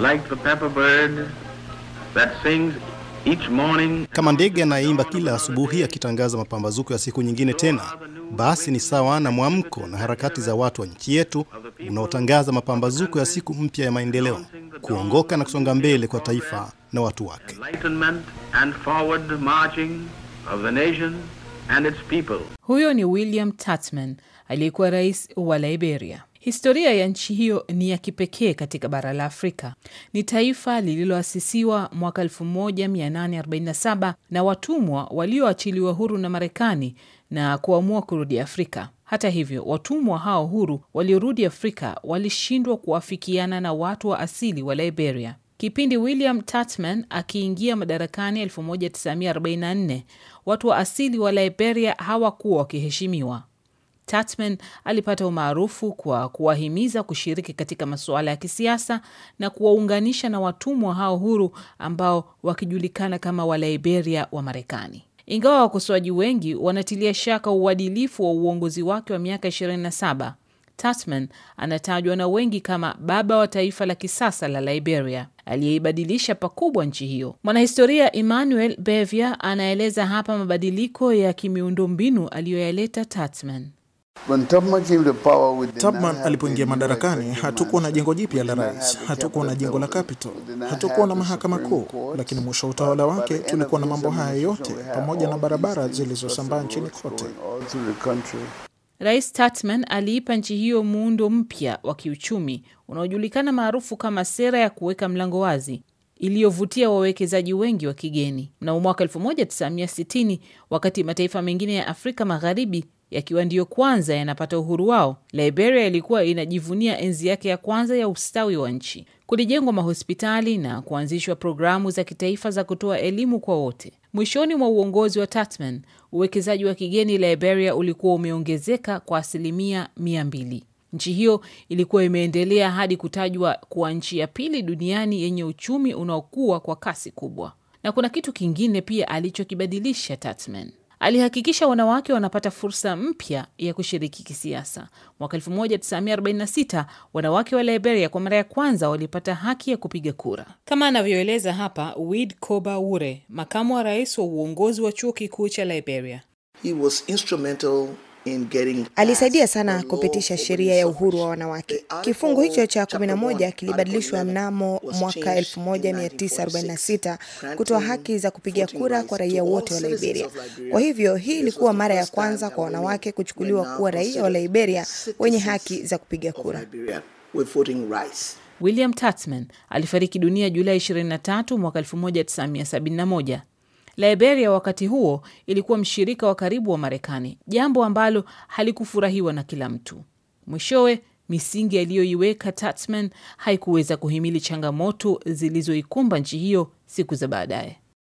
like the bird that sings each morning. Kama ndege anayeimba kila asubuhi akitangaza mapambazuko ya siku nyingine tena, basi ni sawa na mwamko na harakati za watu wa nchi yetu unaotangaza mapambazuko ya siku mpya ya maendeleo, kuongoka na kusonga mbele kwa taifa na watu wake. Huyo ni William Tatman aliyekuwa rais wa Liberia. Historia ya nchi hiyo ni ya kipekee katika bara la Afrika. Ni taifa lililoasisiwa mwaka 1847 na watumwa walioachiliwa huru na Marekani na kuamua kurudi Afrika. Hata hivyo, watumwa hao huru waliorudi Afrika walishindwa kuafikiana na watu wa asili wa Liberia. Kipindi William tatman akiingia madarakani 1944, watu wa asili wa Liberia hawakuwa wakiheshimiwa. Tatman alipata umaarufu kwa kuwahimiza kushiriki katika masuala ya kisiasa na kuwaunganisha na watumwa hao huru ambao wakijulikana kama Waliberia wa Marekani. Ingawa wakosoaji wengi wanatilia shaka uadilifu wa uongozi wake wa miaka 27, Tatman anatajwa na wengi kama baba wa taifa la kisasa la Liberia aliyeibadilisha pakubwa nchi hiyo. Mwanahistoria Emmanuel Bevia anaeleza hapa mabadiliko ya kimiundombinu aliyoyaleta Tatman. Tubman alipoingia madarakani, hatukuwa na jengo jipya la rais, hatukuwa na jengo la Capitol, hatukuwa na mahakama kuu, lakini mwisho wa utawala wake tulikuwa na mambo haya yote pamoja na barabara zilizosambaa nchini kote. Rais Tatman aliipa nchi hiyo muundo mpya wa kiuchumi unaojulikana maarufu kama sera ya kuweka mlango wazi iliyovutia wawekezaji wengi wa kigeni. Mnamo mwaka 1960 wakati mataifa mengine ya Afrika Magharibi yakiwa ndiyo kwanza yanapata uhuru wao, Liberia ilikuwa inajivunia enzi yake ya kwanza ya ustawi wa nchi. Kulijengwa mahospitali na kuanzishwa programu za kitaifa za kutoa elimu kwa wote. Mwishoni mwa uongozi wa Tatman, uwekezaji wa kigeni Liberia ulikuwa umeongezeka kwa asilimia mia mbili. Nchi hiyo ilikuwa imeendelea hadi kutajwa kuwa nchi ya pili duniani yenye uchumi unaokuwa kwa kasi kubwa. Na kuna kitu kingine pia alichokibadilisha Tatman alihakikisha wanawake wanapata fursa mpya ya kushiriki kisiasa. Mwaka 1946 wanawake wa Liberia kwa mara ya kwanza walipata haki ya kupiga kura, kama anavyoeleza hapa Wid Koba ure makamu wa rais wa uongozi wa chuo kikuu cha Liberia. He was instrumental alisaidia sana kupitisha sheria ya uhuru wa wanawake. Kifungu hicho cha 11 kilibadilishwa mnamo mwaka 1946 kutoa haki za kupiga kura kwa raia wote wa Liberia. Kwa hivyo hii ilikuwa mara ya kwanza kwa wanawake kuchukuliwa kuwa raia wa Liberia wenye haki za kupiga kura. William Tatman alifariki dunia Julai 23 mwaka 1971 Liberia wakati huo ilikuwa mshirika wa karibu wa Marekani, jambo ambalo halikufurahiwa na kila mtu. Mwishowe, misingi aliyoiweka tatman haikuweza kuhimili changamoto zilizoikumba nchi hiyo siku za baadaye.